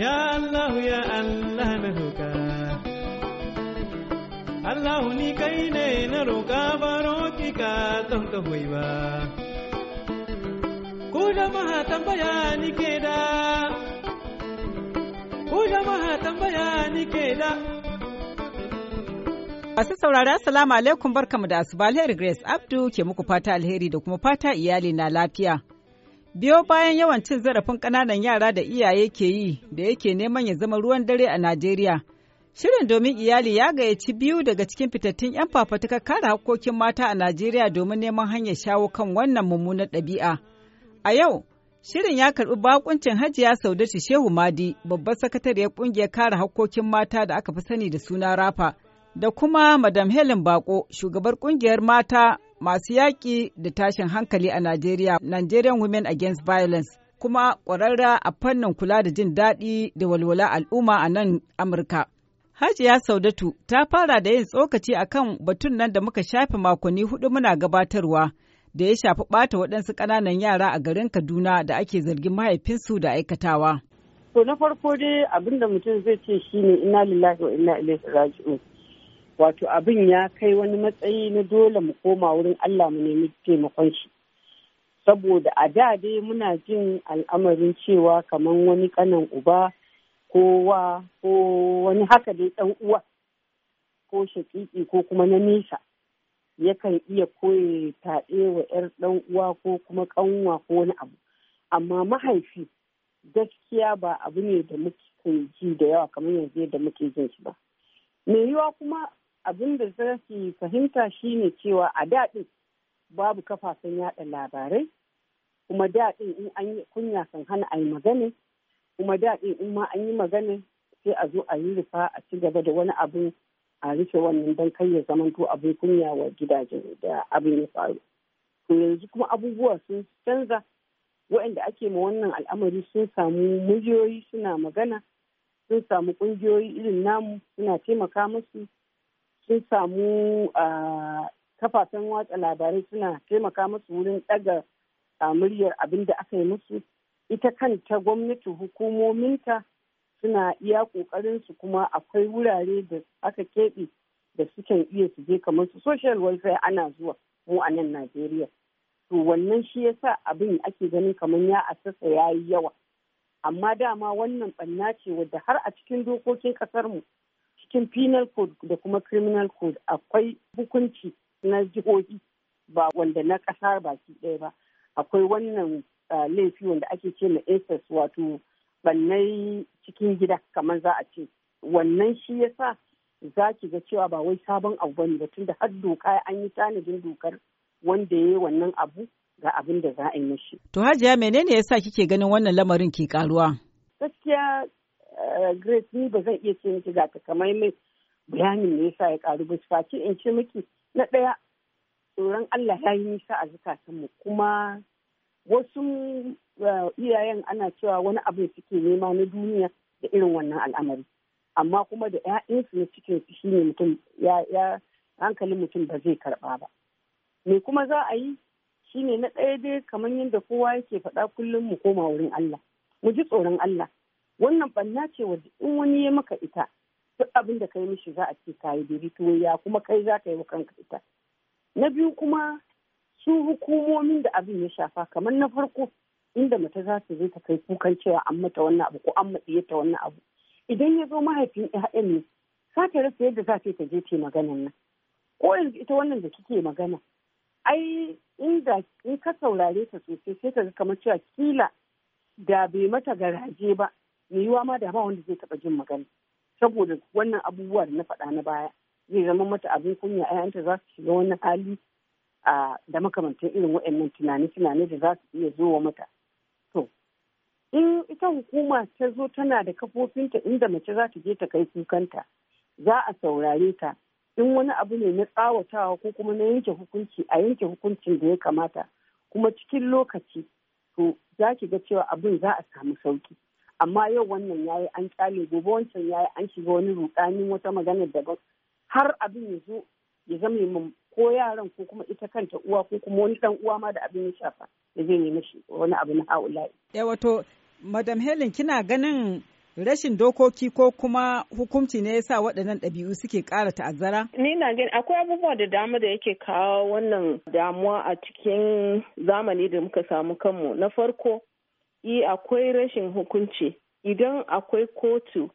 Ya Allah ya Allah na Allah ni kai ne na roƙa baro ki ka ba Masu saurara salamu alaikum barkamu da asuba alheri Grace Abdu ke muku fata alheri da kuma fata iyali na lafiya. Biyo bayan yawan cin zarafin ƙananan yara da iyaye ke yi da yake neman ya zama ruwan dare a Najeriya. Shirin domin iyali ya gayyaci biyu daga cikin fitattun 'yan fafatuka kare hakkokin mata a Najeriya domin neman hanyar shawo kan wannan mummunar ɗabi'a. A yau, shirin ya karɓi bakuncin Hajiya Saudatu Shehu Madi, babbar sakatariyar ƙungiyar kare hakkokin mata da aka fi sani da suna Rafa, da kuma Madam Helen Bako, shugabar ƙungiyar mata masu yaƙi da tashin hankali a Najeriya, Nigerian Women Against Violence, kuma ƙwararra a fannin kula da jin daɗi da walwala al'umma a nan Amurka. Hajiya Saudatu ta fara da yin tsokaci a kan batun nan da muka shafe makonni hudu muna gabatarwa da ya shafi ɓata waɗansu ƙananan yara a garin Kaduna da ake zargin mahaifinsu da aikatawa. Ko na farko dai abin mutum zai ce shine ina lillahi wa ina ilaihi raji'un. wato abin ya kai wani matsayi na dole mu koma wurin Allah mu nemi taimakon shi saboda a da dai muna jin al'amarin cewa kamar wani kanan uba ko wa ko wani haka dai dan uwa ko shakiki ko kuma na nisa yakan iya koye taɗe wa 'yar ɗan uwa ko kuma ƙanwa ko wani abu amma mahaifi gaskiya ba abu ne da muke ji da yawa kamar yanzu da muke jin shi ba. me yiwa kuma abin da za su fahimta shine cewa a daɗin babu kafafen yaɗa labarai kuma daɗin in an yi kunya kan hana a yi magana kuma daɗin in ma an yi magana sai a zo a yi rufa a ci gaba da wani abin a rufe wannan don kai ya zamanto abin kunya wa gidajen da abin ya faru to yanzu kuma abubuwa sun canza waɗanda ake ma wannan al'amari sun samu mujiyoyi suna magana sun samu ƙungiyoyi irin namu suna taimaka musu sun samu kafafen watsa labarai suna taimaka musu wurin ɗaga muryar abin da aka yi musu ita kanta gwamnati hukumominta suna iya ƙoƙarin su kuma akwai wurare da aka keɓe da suke iya su je kamar su social welfare ana zuwa mu a nan Najeriya. To wannan shi yasa abin ake ganin kamar ya asasa ya yi yawa. Amma dama wannan ɓanna ce wadda har a cikin dokokin mu cikin penal code da kuma criminal code akwai hukunci na jihohi ba wanda na ƙasa baki ɗaya ba akwai wannan ah, laifi wanda ake ce na incest wato bannai cikin gida kamar za a ce wannan shi yasa za ki ga cewa ba wai sabon abu bane ba tunda har doka an yi tanadin dokar wanda ya yi wannan abu ga abin da za a yi mishi. To Hajiya menene yasa kike ganin wannan lamarin ke karuwa? Gaskiya Eh, Grace ni ba zan iya ce miki ga takamaimai bayanin ne yasa ya karu ba face in ce miki na ɗaya tsoron Allah ya yi nisa a mu kuma wasu eh, iyayen ana cewa wani abu suke nema na duniya da irin wannan al'amari amma kuma da 'ya'yansu na cikin shi ne mutum ya hankalin mutum ba zai karba ba me kuma za a yi shine na ɗaya dai kamar yadda kowa yake faɗa kullum mu koma wurin Allah mu ji tsoron Allah wannan banna ce wadda in wani ya maka ita duk abin da kai mishi za a ce ka yi to ya kuma kai za ka yi wa kanka ita na biyu kuma su hukumomin da abin ya shafa kamar na farko inda mata za su zai ta kai kukan cewa an mata wannan abu ko an matsiye ta wannan abu idan ya zo mahaifin ya'yan ne sa ta rasa yadda za ta je ta maganan nan ko yanzu ita wannan da kike magana ai inda in ka saurare ta sosai sai ka ga kamar cewa kila da bai mata garaje ba me yiwa ma da ba wanda zai taɓa jin magana saboda wannan abubuwa da na faɗa na baya zai zama mata abin kunya ayanta za su shiga wani hali da makamantan irin waɗannan tunani-tunani da za su iya zo mata to in ita hukuma ta zo tana da kafofinta inda mace za ta je ta kai kukanta za a saurare ta in wani abu ne na tsawatawa ko kuma na yanke hukunci a yanke hukuncin da ya kamata kuma cikin lokaci to za ki ga cewa abin za a samu sauki amma yau wannan yayi an kyale gobe wancan yayi an shiga wani rukanin wata magana daban har abin ya zo ya zama mun ko yaran ko kuma ita kanta uwa ko kuma wani dan uwa ma da abin ya shafa ya zai nemi shi wani abu na haula'i. Eh wato madam Helen kina ganin rashin dokoki ko kuma hukunci ne yasa waɗannan ɗabi'u suke ƙara ta'azzara? Ni na gani akwai abubuwa da dama da yake kawo wannan damuwa a cikin zamani da muka samu kanmu. Na farko yi e, akwai rashin hukunci idan akwai kotu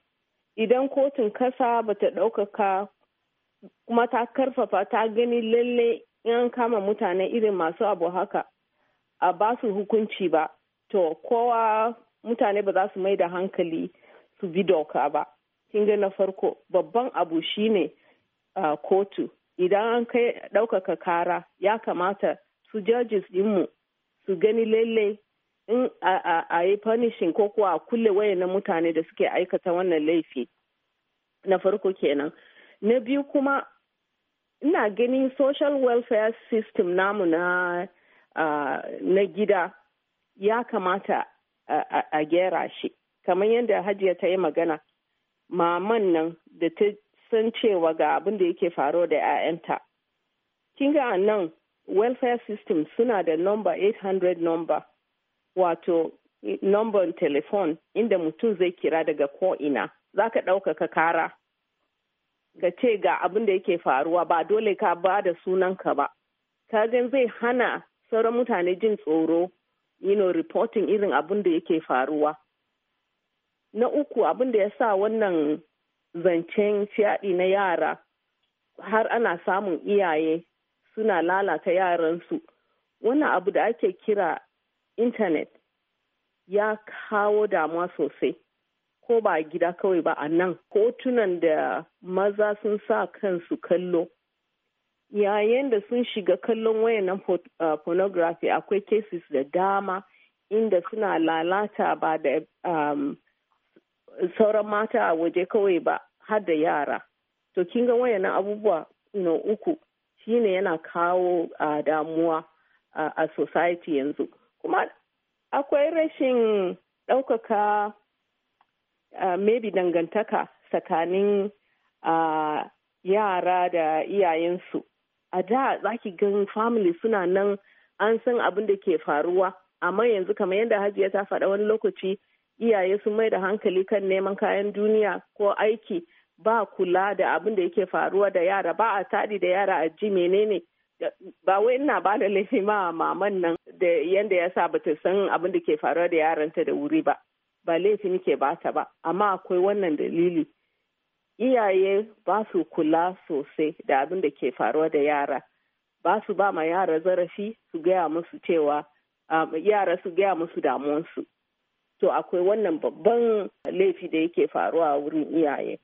idan kotun kasa bata ɗaukaka kuma ta karfafa ta gani lalle in kama mutane irin masu abu haka a ba su hukunci ba to kowa mutane ba za su mai da hankali su bi doka ba kinga na farko babban abu shine uh, kotu idan an kai ɗaukaka kara ya kamata su judges dinmu su gani lalle in a yi fanishin ko kuwa a kulle waye na mutane da suke aikata wannan laifi na farko kenan na biyu kuma ina ganin social welfare system namu na na gida ya kamata a gera shi kamar yadda hajiya ta yi magana maman nan da ta san cewa ga abin da yake faro da 'ya'yanta kinga nan welfare system suna da number 800 number wato number telefon inda mutum zai kira daga ko'ina za ka ɗauka ka kara ga ce ga abin da yake faruwa ba dole ka ba da sunanka ba kagan zai hana sauran mutane jin tsoro you know, reporting irin abin da yake faruwa na uku abin da ya sa wannan zancen fyaɗi na yara har ana samun iyaye suna lalata yaransu wannan abu da ake kira intanet ya kawo damuwa sosai ko ba gida kawai ba a nan hotunan da maza sun sa kansu kallo yayin da sun shiga kallon wayannan uh, pornography akwai cases da dama inda suna lalata ba da um, sauran mata a waje kawai ba har da yara to kin ga wayannan abubuwa na uku shine yana kawo uh, damuwa uh, a society yanzu kuma akwai rashin ɗaukaka uh, maybe dangantaka tsakanin uh, yara da iyayensu a da za ki gan family suna nan an san abin da ke faruwa amma yanzu kamar yadda hajiya ta faɗa wani lokaci iyaye sun mai da hankali kan neman kayan duniya ko aiki ba kula da abin da yake faruwa da yara ba a taɗi da yara a ji menene ba wai ina ba da laifi ma maman nan da yanda ya sa ta san abin da ke faruwa da yaranta da wuri ba ba laifi nike ba ta ba amma akwai wannan dalili iyaye ba su kula sosai da abin da ke faruwa da yara ba su ba ma yara zarafi su gaya musu cewa um, yara su gaya musu damuwansu to akwai wannan babban laifi da yake faruwa a wurin iyaye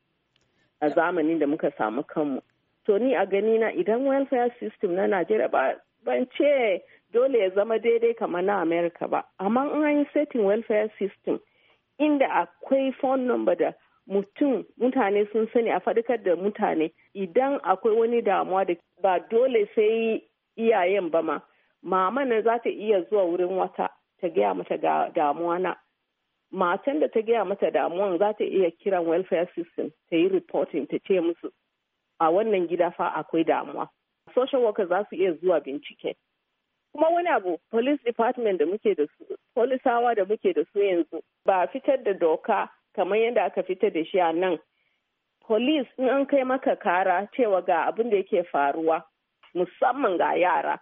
a zamanin da muka samu kanmu to ni a gani na idan welfare system na najeriya ba ban ce dole ya zama daidai kamar na america ba amma an yi setting welfare system inda akwai phone number da mutum mutane sun sani a faɗakar da mutane idan akwai wani damuwa da ba dole sai iyayen ba ma mama na za ta iya zuwa wurin wata ta gaya mata damuwa na matan da ta gaya mata damuwan za ta iya kiran welfare system ta yi reporting ta ce musu a wannan gida fa akwai damuwa social worker za su iya zuwa bincike kuma wani abu police department da muke da su polisawa da muke da su yanzu ba fitar da doka kamar yadda aka fitar da shi a nan police in an kai maka kara cewa ga abin da yake faruwa musamman ga yara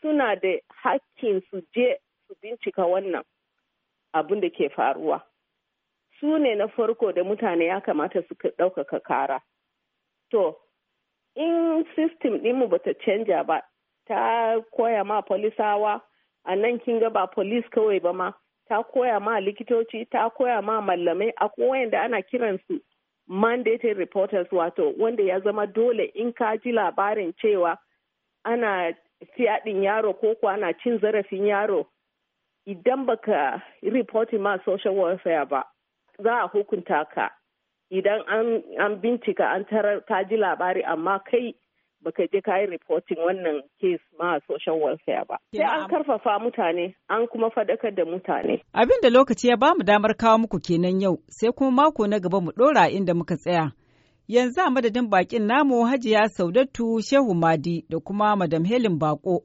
suna da hakkin su je su bincika wannan abin da ke faruwa su ne na farko da mutane ya kamata su ɗaukaka kara to in system ɗinmu ta canja ba ta koya ma polisawa a nan kin ga ba polis kawai ba ma ta koya ma likitoci ta koya ma mallamai a da ana kiransu mandated reporters wato wanda ya zama dole in ka ji labarin cewa ana fiyaɗin yaro ko kuwa ana cin zarafin yaro idan baka reporting ma social welfare ba za a hukunta ka idan an bincika an tarar ka ji labari amma kai baka je ka yi reporting wannan case ma social welfare ba. Sai an karfafa mutane an kuma faɗakar da mutane. Abin da lokaci ya bamu damar kawo muku kenan yau sai kuma mako na gaba mu ɗora inda muka tsaya. Yanzu a madadin bakin namu Hajiya Saudatu Shehu Madi da kuma Madam Helen Bako.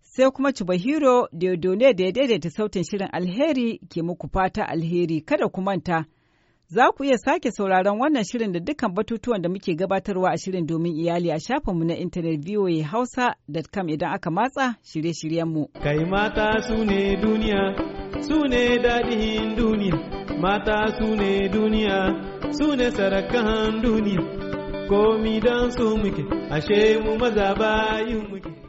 Sai kuma Cibahiro Deodone da ya daidaita sautin shirin alheri ke muku fata alheri kada ku manta. Za ku iya sake sauraron wannan shirin da dukkan batutuwan da muke gabatarwa a shirin domin iyali a shafinmu na intanet voahausa.com idan aka matsa shirye-shiryenmu. Kai mata su ne duniya, su ne daɗin duniya, mata su ne duniya, su ne sarakan duniya, komi don su muke, ashe mu maza bayin muke.